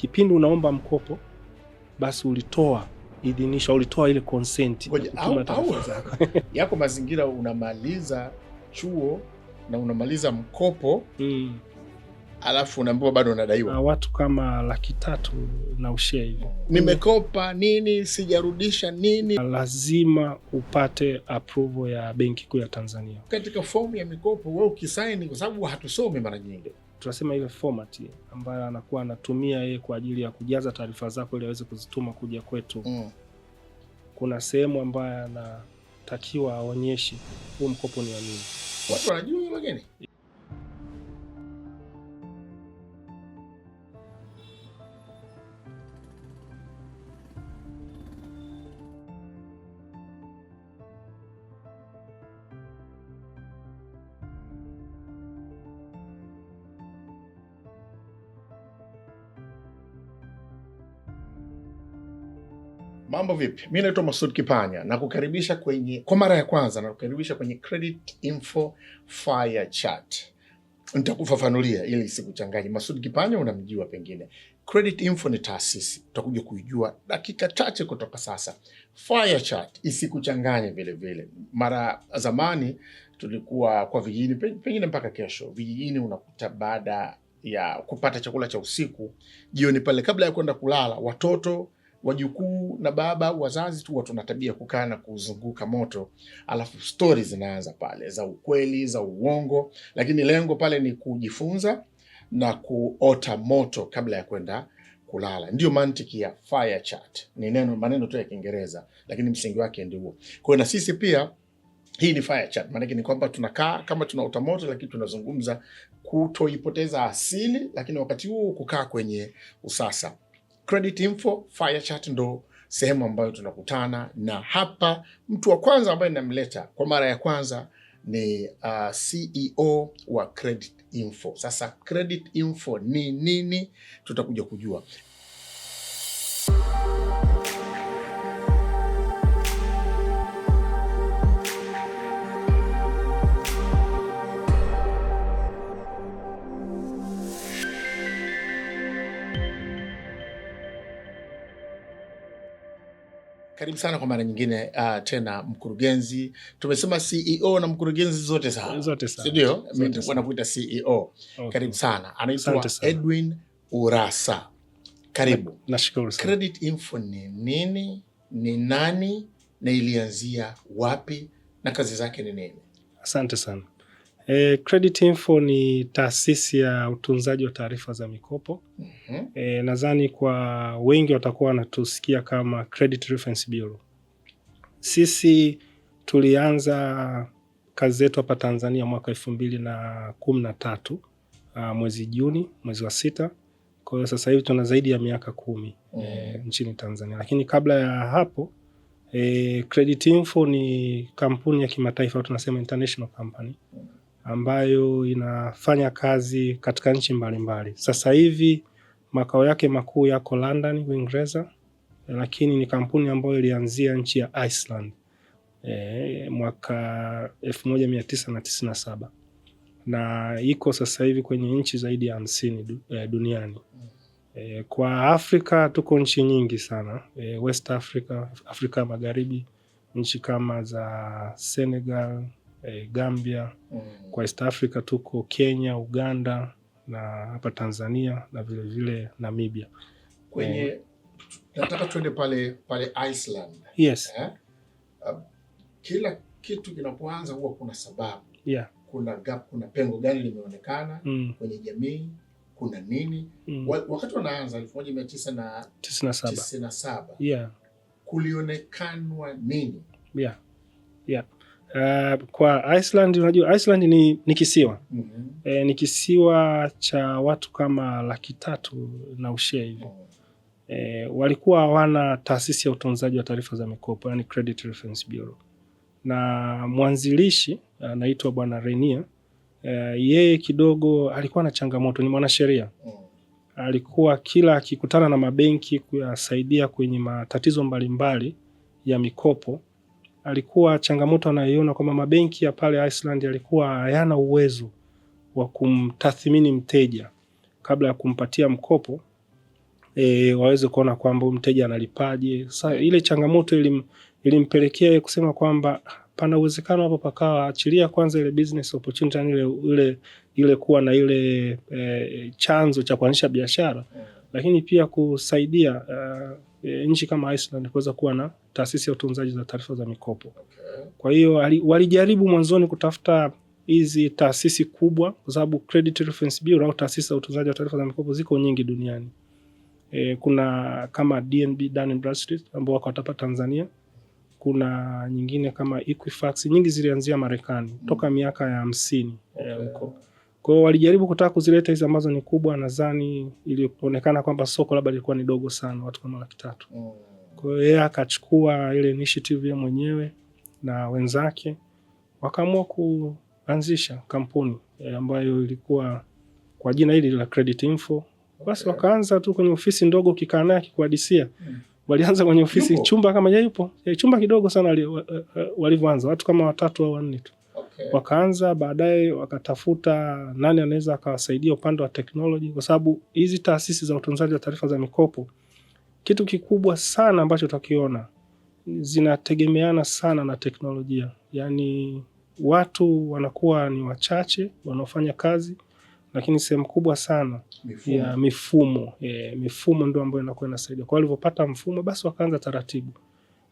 Kipindi unaomba mkopo, basi ulitoa idhinisho, ulitoa ile consent yako mazingira, unamaliza chuo na unamaliza mkopo mm. Alafu unaambiwa bado unadaiwa na watu kama laki tatu na ushe hivyo, nimekopa nini, sijarudisha nini. Lazima upate approval ya Benki Kuu ya Tanzania katika fomu ya mikopo. we ukisaini, kwa sababu hatusomi mara nyingi tunasema ile format ambayo anakuwa anatumia yeye kwa ajili ya kujaza taarifa zako ili aweze kuzituma kuja kwetu mm. Kuna sehemu ambayo anatakiwa aonyeshe huu mkopo ni wa nini. Watu wanajua wageni Mambo vipi? Mi naitwa Masud Kipanya na kukaribisha kwenye kwa mara ya kwanza na kukaribisha kwenye Credit Info Fire Chat. Nitakufafanulia ili isikuchanganye. Masud Kipanya unamjua pengine. Credit Info ni taasisi, utakuja kuijua dakika chache kutoka sasa. Fire Chat isikuchanganye vile vile. Mara zamani tulikuwa kwa vijijini, pengine mpaka kesho vijijini, unakuta baada ya kupata chakula cha usiku jioni pale, kabla ya kwenda kulala, watoto wajukuu na baba wazazi tu watu na tabia kukaa na kuzunguka moto, alafu stori zinaanza pale za ukweli za uongo, lakini lengo pale ni kujifunza na kuota moto kabla ya kwenda kulala. Ndio mantiki ya fire chat. Ni neno maneno tu ya Kiingereza, lakini msingi wake ndio huo. Kwa hiyo na sisi pia hii ni fire chat, maanake ni kwamba tunakaa kama tunaota moto, lakini tunazungumza kutoipoteza asili, lakini wakati huo kukaa kwenye usasa. Credit Info, Chat ndo sehemu ambayo tunakutana na hapa. Mtu wa kwanza ambaye ninamleta kwa mara ya kwanza ni uh, CEO wa Credit Info. Sasa Credit Info ni nini? Tutakuja kujua. Karibu sana kwa mara nyingine uh, tena mkurugenzi, tumesema CEO na mkurugenzi zote sawa, ndio wanakuita CEO. Karibu sana, anaitwa Edwin urasa karibu. Nashukuru sana. Credit Info ni nini, ni nani na ilianzia wapi na kazi zake ni nini? Asante sana. E, Credit Info ni taasisi ya utunzaji wa taarifa za mikopo. mm -hmm. E, nadhani kwa wengi watakuwa wanatusikia kama Credit Reference Bureau. Sisi tulianza kazi zetu hapa Tanzania mwaka elfu mbili na kumi na tatu ah, mwezi Juni, mwezi wa sita. Kwa hiyo sasa hivi tuna zaidi ya miaka kumi mm -hmm. e, nchini Tanzania, lakini kabla ya hapo e, Credit Info ni kampuni ya kimataifa tunasema international company mm ambayo inafanya kazi katika nchi mbalimbali. Sasa hivi makao yake makuu yako London, Uingereza, lakini ni kampuni ambayo ilianzia nchi ya Iceland e, mwaka 1997 na, iko sasa hivi kwenye nchi zaidi ya hamsini eh, duniani. E, kwa Afrika tuko nchi nyingi sana e, West Africa, Afrika Magharibi, nchi kama za Senegal, eh, Gambia mm. Kwa East Africa tuko Kenya, Uganda na hapa Tanzania na vilevile vile Namibia kwenye eh, nataka tuende pale pale Iceland. Yes. Eh? Uh, kila kitu kinapoanza huwa kuna sababu yeah. Kuna gap, kuna pengo gani limeonekana mm. kwenye jamii kuna nini mm. Wakati wanaanza elfu moja mia tisa na tisini na saba yeah. kulionekanwa nini? yeah. Yeah. Uh, kwa Iceland unajua Iceland ni, ni kisiwa mm -hmm. E, ni kisiwa cha watu kama laki tatu na ushia hivi mm -hmm. E, walikuwa hawana taasisi ya utunzaji wa taarifa za mikopo yani Credit Reference Bureau, na mwanzilishi anaitwa Bwana Renia. E, eh, yeye kidogo alikuwa na changamoto, ni mwanasheria mm -hmm. Alikuwa kila akikutana na mabenki kuyasaidia kwenye matatizo mbalimbali ya mikopo alikuwa changamoto anayoiona kwamba mabenki ya pale Iceland yalikuwa hayana uwezo wa kumtathmini mteja kabla ya kumpatia mkopo e, waweze kuona kwamba mteja analipaje. Sasa ile changamoto ilim, ilimpelekea kusema kwamba pana uwezekano hapo pakawa achilia kwanza ile business opportunity, ile, ile, ile kuwa na ile e, chanzo cha kuanzisha biashara, lakini pia kusaidia uh, e, nchi kama Iceland kuweza kuwa na taasisi ya utunzaji za taarifa za mikopo. Kwa hiyo walijaribu mwanzoni kutafuta hizi taasisi kubwa, kwa sababu Credit Reference Bureau au taasisi za utunzaji wa taarifa za mikopo ziko nyingi duniani. E, kuna kama DNB, Dun Bradstreet ambao wako hapa Tanzania. Kuna nyingine kama Equifax, nyingi zilianzia Marekani toka miaka ya hamsini e, huko. Okay. E, kwa hiyo walijaribu kutaka kuzileta hizi ambazo ni kubwa, nadhani ilionekana kwamba soko labda lilikuwa ni dogo sana, watu kama laki tatu. Mm. Kwa hiyo yeye akachukua ile initiative yeye mwenyewe na wenzake wakaamua kuanzisha kampuni eh, ambayo ilikuwa kwa jina hili la Credit Info. Basi okay, wakaanza tu kwenye ofisi ndogo, ukikaa naye akikuhadisia hmm. Walianza kwenye ofisi yupo. Chumba kama yupo eh, chumba kidogo sana eh, walivyoanza, watu kama watatu au wanne tu wakaanza baadaye, wakatafuta nani anaweza akawasaidia upande wa teknolojia, kwa sababu hizi taasisi za utunzaji wa taarifa za mikopo, kitu kikubwa sana ambacho tutakiona, zinategemeana sana na teknolojia. Yaani watu wanakuwa ni wachache wanaofanya kazi, lakini sehemu kubwa sana mifumo ya mifumo, e, mifumo ndio ambayo inakuwa inasaidia. Kwa hiyo walivyopata mfumo, basi wakaanza taratibu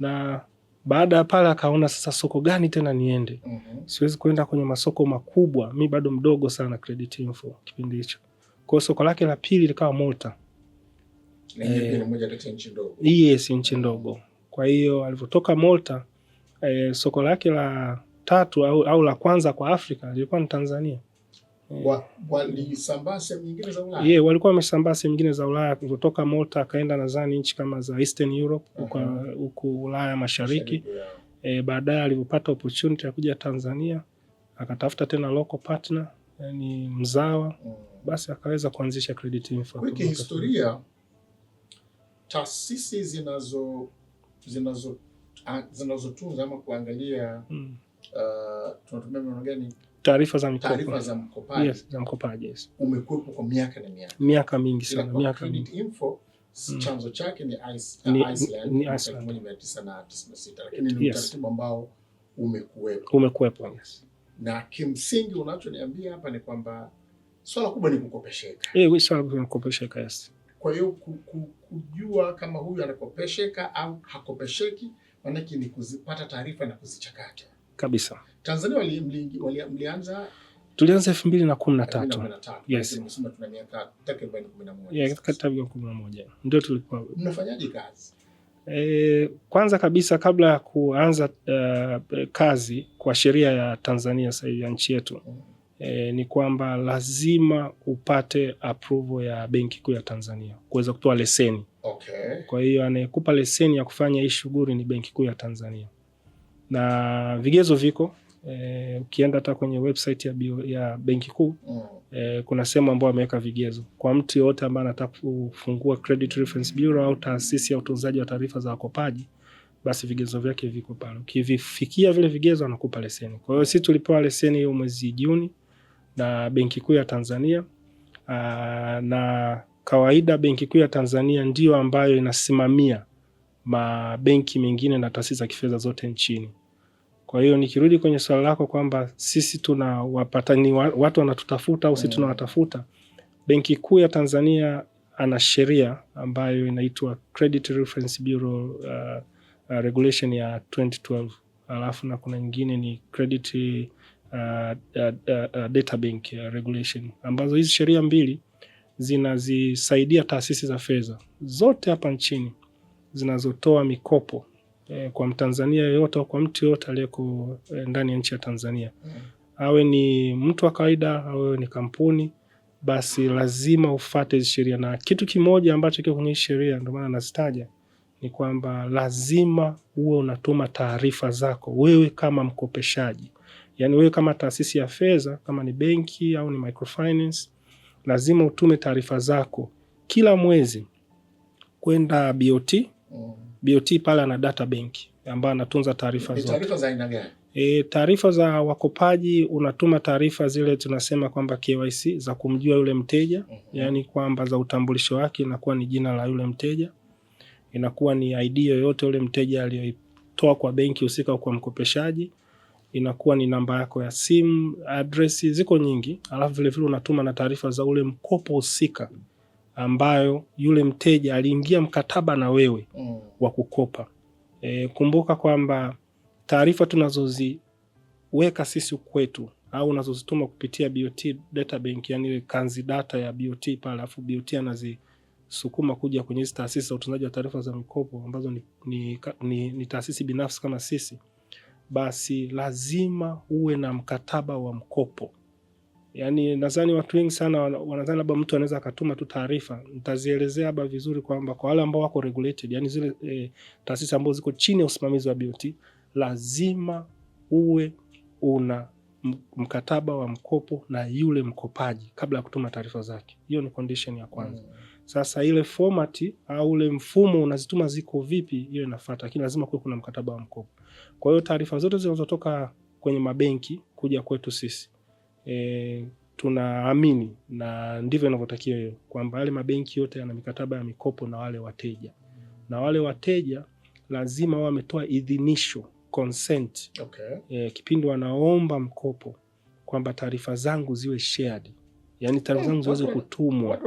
na baada ya pale akaona sasa soko gani tena niende? mm -hmm. Siwezi kuenda kwenye masoko makubwa, mi bado mdogo sana Credit Info kipindi hicho. Kwa hiyo soko lake la pili likawa Malta. Eh, yes, nchi ndogo. Kwa hiyo alivyotoka Malta, eh, soko lake la tatu au, au la kwanza kwa Afrika lilikuwa ni Tanzania. Eh. walisambaa sehemu nyingine za Ulaya. Yeah, walikuwa wamesambaa sehemu nyingine za Ulaya kutoka Malta akaenda nadhani nchi kama za Eastern Europe uh huku Ulaya Mashariki. E, baadaye alipopata opportunity ya kuja Tanzania akatafuta tena local partner, yani mzawa mm. Basi akaweza kuanzisha Credit Info. Kwa historia taasisi zinazo zinazo zinazotunza ama kuangalia mm. uh, tunatumia maneno gani taarifa za mikopo, taarifa za mkopaji, yes, yes. Umekuwepo kwa miaka na miaka, miaka mingi sana, miaka mingi. Info mm. chanzo chake ni Iceland ni 1996 lakini ni utaratibu ambao umekuwepo, umekuwepo yes. Na kimsingi unachoniambia hapa ni kwamba swala kubwa ni kukopesheka, eh, swala kubwa ni kukopesheka yes. Kwa hiyo kujua kama huyu anakopesheka au hakopesheki, maanake ni kuzipata taarifa na kuzichakata kabisa. Tanzania wali, mli, wali, mlianza tulianza elfu mbili na kumi na tatu yes. yeah, kumi na moja ndio tulikuwa. Mnafanyaje kazi? E, kwanza kabisa kabla ya kuanza uh, kazi kwa sheria ya Tanzania sasa hivi ya nchi yetu mm. E, ni kwamba lazima upate approval ya Benki Kuu ya Tanzania kuweza kutoa leseni okay. Kwa hiyo anayekupa leseni ya kufanya hii shughuli ni Benki Kuu ya Tanzania na vigezo viko eh, ukienda hata kwenye website ya, bio, ya benki kuu mm. eh, kuna sehemu ambayo ameweka vigezo kwa mtu yoyote ambaye anataka kufungua Credit Reference Bureau au taasisi ya utunzaji wa taarifa za wakopaji basi vigezo vyake viko pale. Ukivifikia vile vigezo, anakupa leseni. Kwa hiyo sisi tulipewa leseni hiyo mwezi Juni na Benki Kuu ya Tanzania. Aa, ah, na kawaida Benki Kuu ya Tanzania ndiyo ambayo inasimamia mabenki mengine na taasisi za kifedha zote nchini. Kwa hiyo nikirudi kwenye swali lako kwamba sisi tuna wapatani, watu wanatutafuta au sisi mm. tunawatafuta, Benki Kuu ya Tanzania ana sheria ambayo inaitwa Credit Reference Bureau uh, uh, regulation ya 2012 alafu na kuna nyingine ni Credit uh, uh, uh, uh Data Bank uh, regulation, ambazo hizi sheria mbili zinazisaidia taasisi za fedha zote hapa nchini zinazotoa mikopo eh, kwa Mtanzania yoyote au kwa mtu yeyote aliyeko eh, ndani ya nchi ya Tanzania mm. awe ni mtu wa kawaida, awe ni kampuni, basi lazima ufate hizi sheria, na kitu kimoja ambacho kiko kwenye sheria, ndio maana nazitaja ni kwamba lazima uwe unatuma taarifa zako wewe kama mkopeshaji, yaani wewe kama taasisi ya fedha, kama ni benki au ni microfinance, lazima utume taarifa zako kila mwezi kwenda BOT mm. BOT pale ana data bank ambayo anatunza taarifa zote. Taarifa za aina gani? E, taarifa za wakopaji, unatuma taarifa zile tunasema kwamba KYC za kumjua yule mteja mm -hmm. Yaani kwamba za utambulisho wake inakuwa ni jina la yule mteja, inakuwa ni ID yoyote yule mteja aliyoitoa kwa benki husika au kwa mkopeshaji, inakuwa ni namba yako ya simu, address, ziko nyingi, alafu vilevile unatuma na taarifa za ule mkopo husika ambayo yule mteja aliingia mkataba na wewe mm. wa kukopa. E, kumbuka kwamba taarifa tunazoziweka sisi kwetu au unazozituma kupitia BOT data bank, yani ile kanzi data ya BOT pale, alafu BOT anazisukuma kuja kwenye hizi taasisi za utunzaji wa taarifa za mikopo ambazo ni, ni, ni, ni taasisi binafsi kama sisi, basi lazima uwe na mkataba wa mkopo Yani nadhani watu wengi sana wanadhani labda mtu anaweza akatuma tu taarifa. Nitazielezea hapa vizuri kwamba kwa wale ambao wako regulated, yani zile e, taasisi ambazo ziko chini ya usimamizi wa BOT lazima uwe una mkataba wa mkopo na yule mkopaji kabla ya kutuma taarifa zake. Hiyo ni condition ya kwanza. Mm. Sasa ile format au ule mfumo unazituma ziko vipi, hiyo inafuata, lakini lazima kuwe kuna mkataba wa mkopo. Kwa hiyo taarifa zote zinazotoka kwenye mabenki kuja kwetu sisi e, tunaamini na ndivyo inavyotakiwa hiyo, kwamba yale mabenki yote yana mikataba ya mikopo na wale wateja, na wale wateja lazima wao wametoa idhinisho consent, okay. E, kipindi wanaomba mkopo kwamba taarifa zangu ziwe shared, yani taarifa zangu ziweze kutumwa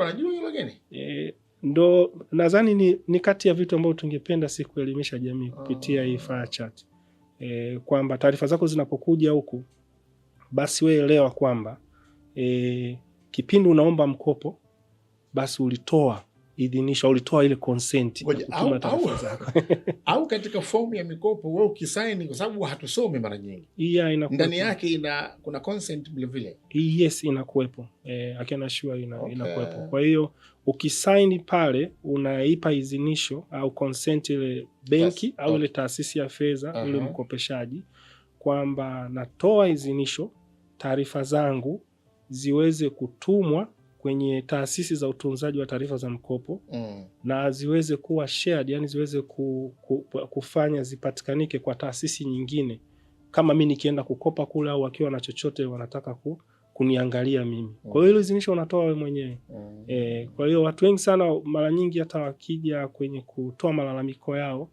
e, ndo nadhani ni, ni kati ya vitu ambavyo tungependa si kuelimisha jamii kupitia hii ah. Fire Chat e, kwamba taarifa zako zinapokuja huku basi wewe elewa kwamba e, kipindi unaomba mkopo basi ulitoa idhinisho ulitoa ile consent au, au, au katika fomu ya mikopo wewe ukisaini, kwa sababu hatusomi mara nyingi, yeah, ndani yake ina kuna consent vile vile, yes, inakuwepo eh, I can assure ina, okay. Inakuwepo. Kwa hiyo ukisaini pale unaipa idhinisho au consent ile benki yes, au ile taasisi ya fedha uh -huh. Ile uh-huh. mkopeshaji kwamba natoa idhinisho taarifa zangu ziweze kutumwa kwenye taasisi za utunzaji wa taarifa za mkopo mm. na ziweze kuwa shared, yani ziweze ku, ku, kufanya zipatikanike kwa taasisi nyingine, kama mi nikienda kukopa kule au wakiwa na chochote wanataka ku, kuniangalia mimi mm. kwa hiyo zinisho mm. unatoa wewe mwenyewe mm. E, kwa hiyo watu wengi sana mara nyingi hata wakija kwenye kutoa malalamiko yao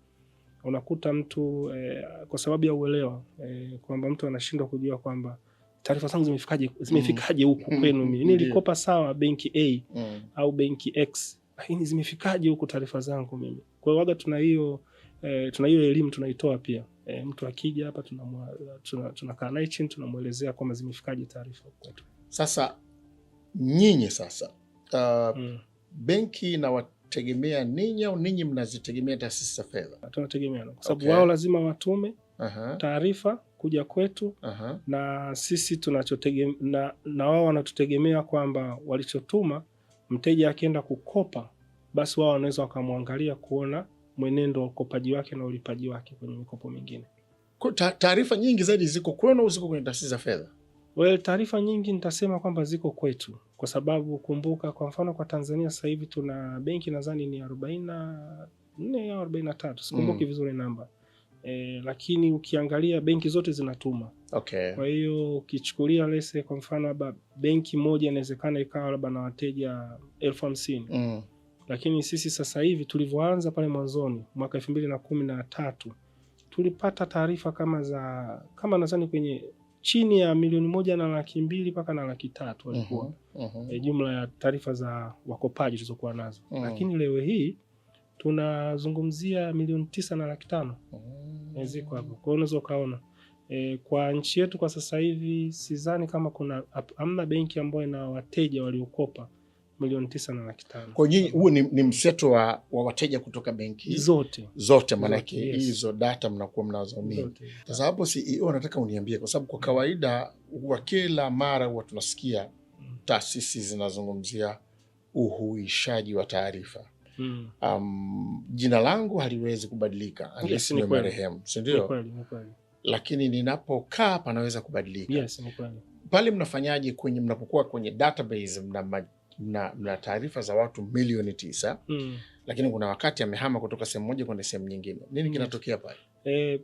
unakuta mtu e, kwa sababu ya uelewa e, kwamba mtu anashindwa kujua kwamba taarifa zangu zimefikaje mm. zimefikaje huku mm. kwenu mimi nilikopa sawa benki A mm. au benki X lakini zimefikaje huku taarifa zangu mimi. Kwa hiyo waga tuna hiyo E, tuna hiyo elimu tunaitoa pia e, mtu akija hapa tunakaa tuna, tuna naye chini tunamwelezea kwamba zimefikaje taarifa kwetu. Sasa nyinyi sasa uh, mm. benki na ninyi au ninyi mnazitegemea taasisi za fedha? Tunategemeana kwa sababu okay. wao lazima watume uh -huh. taarifa kuja kwetu Aha. na sisi tunachotege, na, na wao wanatutegemea kwamba walichotuma mteja akienda kukopa basi wao wanaweza wakamwangalia kuona mwenendo wa ukopaji wake na ulipaji wake kwenye mikopo mingine. Taarifa nyingi zaidi ziko kwenu au ziko kwenye taasisi za fedha? Well, taarifa nyingi nitasema kwamba ziko kwetu, kwa sababu kumbuka, kwa mfano kwa Tanzania sasa hivi tuna benki nadhani ni arobaini na nne au arobaini na tatu, sikumbuki mm. vizuri namba e, lakini ukiangalia benki zote zinatuma okay. Kwa hiyo ukichukulia lese kwa mfano labda benki moja inawezekana ikawa labda na wateja elfu hamsini mm. Lakini sisi sasa hivi tulivyoanza pale mwanzoni mwaka elfu mbili na kumi na tatu tulipata taarifa kama za kama nadhani kwenye chini ya milioni moja na laki mbili mpaka na laki tatu walikuwa mm -hmm. mm -hmm. e, jumla ya taarifa za wakopaji tulizokuwa nazo mm -hmm. Lakini leo hii tunazungumzia milioni tisa na laki tano mm. ziko hapo. Kwa hiyo unaweza ukaona e, kwa nchi yetu kwa sasa hivi sidhani kama kuna amna benki ambayo ina wateja waliokopa milioni tisa na laki tano. Kwa hiyo huu ni, ni mseto wa, wa wateja kutoka benki zote zote, maanake hizo yes. data mnakuwa mnazo nini? Sasa hapo e CEO, nataka uniambie, kwa sababu kwa kawaida huwa kila mara huwa tunasikia mm. taasisi zinazungumzia uhuishaji wa taarifa mm. um, jina langu haliwezi kubadilika unless niwe marehemu, sindio Lakini ninapokaa panaweza kubadilika. Yes, pale mnafanyaje kwenye mnapokuwa kwenye database mna, mna, mna taarifa za watu milioni tisa mm. lakini kuna wakati amehama kutoka sehemu moja kwenda sehemu nyingine, nini mm. kinatokea pale? e,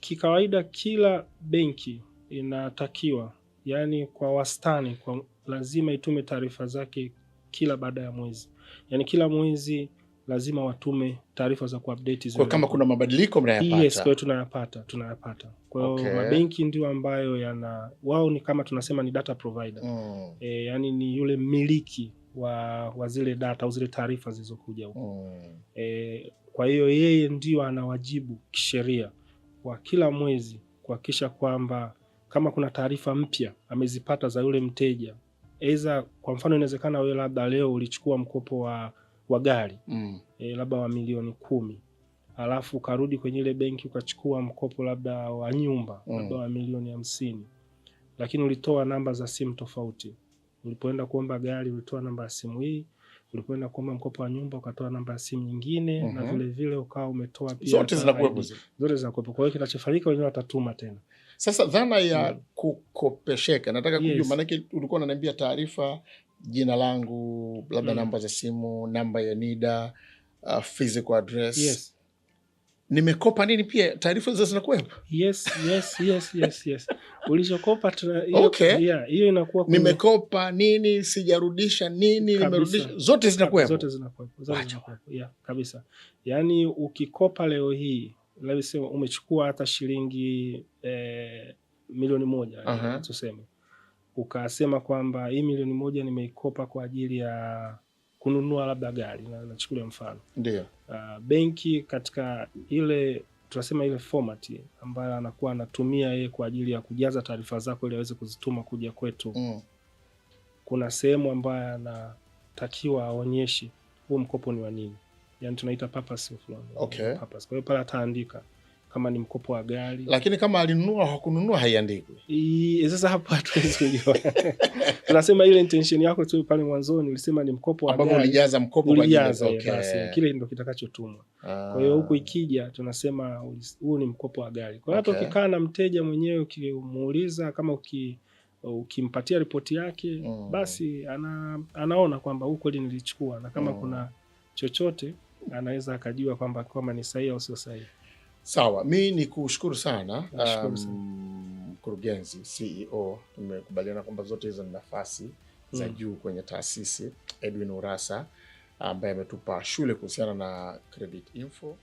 kikawaida kila benki inatakiwa yani, kwa wastani kwa lazima itume taarifa zake kila baada ya mwezi yani kila mwezi lazima watume taarifa za kuupdate zile. Kwa kama kuna mabadiliko mnayapata. Yes, kwa tunayapata, tunayapata. Kwa hiyo okay. Mabenki ndio ambayo yana wao ni kama tunasema ni data provider. Mm. E, eh, yani ni yule mmiliki wa, wa zile data au zile taarifa zilizokuja huko. Mm. E, kwa hiyo yeye ndio anawajibu kisheria kwa kila mwezi kuhakikisha kwamba kama kuna taarifa mpya amezipata za yule mteja aidha, kwa mfano inawezekana wewe labda leo ulichukua mkopo wa, wa gari mm. e, labda wa milioni kumi alafu ukarudi kwenye ile benki ukachukua mkopo labda wa nyumba mm. labda wa milioni hamsini lakini ulitoa namba za simu tofauti. Ulipoenda kuomba gari ulitoa namba ya simu hii, ulipoenda kuomba mkopo wa nyumba ukatoa namba ya simu nyingine mm -hmm. na vilevile mhm. ukawa umetoa pia zote zinakuwepo, zote zinakuwepo. Kwa hiyo kinachofanyika wenyewe watatuma tena sasa dhana ya mm. kukopesheka nataka kujua, yes. Maanake ulikuwa unaniambia taarifa, jina langu labda, mm. namba za simu, namba ya NIDA, uh, physical address yes. Nimekopa nini pia, taarifa hizo zinakuwepo? Yes, yes, yes, yes, yes. Ulichokopa hiyo okay. Yeah, inakuwa kwenye... nimekopa nini, sijarudisha nini, nimerudisha, zote zinakuwepo, zote zinakuwepo, zote zinakuwepo, yeah, kabisa. Yani ukikopa leo hii labda sema umechukua hata shilingi eh, milioni moja uh -huh. tuseme ukasema kwamba hii milioni moja nimeikopa kwa ajili ya kununua labda gari, na nachukulia mfano ndio uh, benki katika ile tunasema ile format ambayo anakuwa anatumia yeye kwa ajili ya kujaza taarifa zako ili aweze kuzituma kuja kwetu mm. kuna sehemu ambayo anatakiwa aonyeshe huu mkopo ni wa nini yani tunaita purpose of loan. Okay. Purpose. Kwa hiyo pale ataandika kama ni mkopo wa gari, lakini kama alinunua hakununua haiandikwi. Eh, sasa hapo hatuwezi kujua. Tunasema ile intention yako tu pale mwanzoni ulisema ni mkopo wa gari, ulijaza mkopo kwa jina. Okay. Basi kile ndio kitakachotumwa. Ah. Kwa hiyo huku ikija tunasema huu ni mkopo wa gari. Kwa hiyo hata okay, ukikaa na mteja mwenyewe ukimuuliza kama uki ukimpatia ripoti yake mm, basi ana, anaona kwamba huu kweli nilichukua na kama mm, kuna chochote anaweza akajua kwamba kama ni sahihi au sio sahihi. Sawa, mi ni kushukuru sana um, mkurugenzi, um, CEO. Tumekubaliana kwamba zote hizo ni nafasi za mm. juu kwenye taasisi. Edwin Urassa ambaye ametupa shule kuhusiana na Credit Info.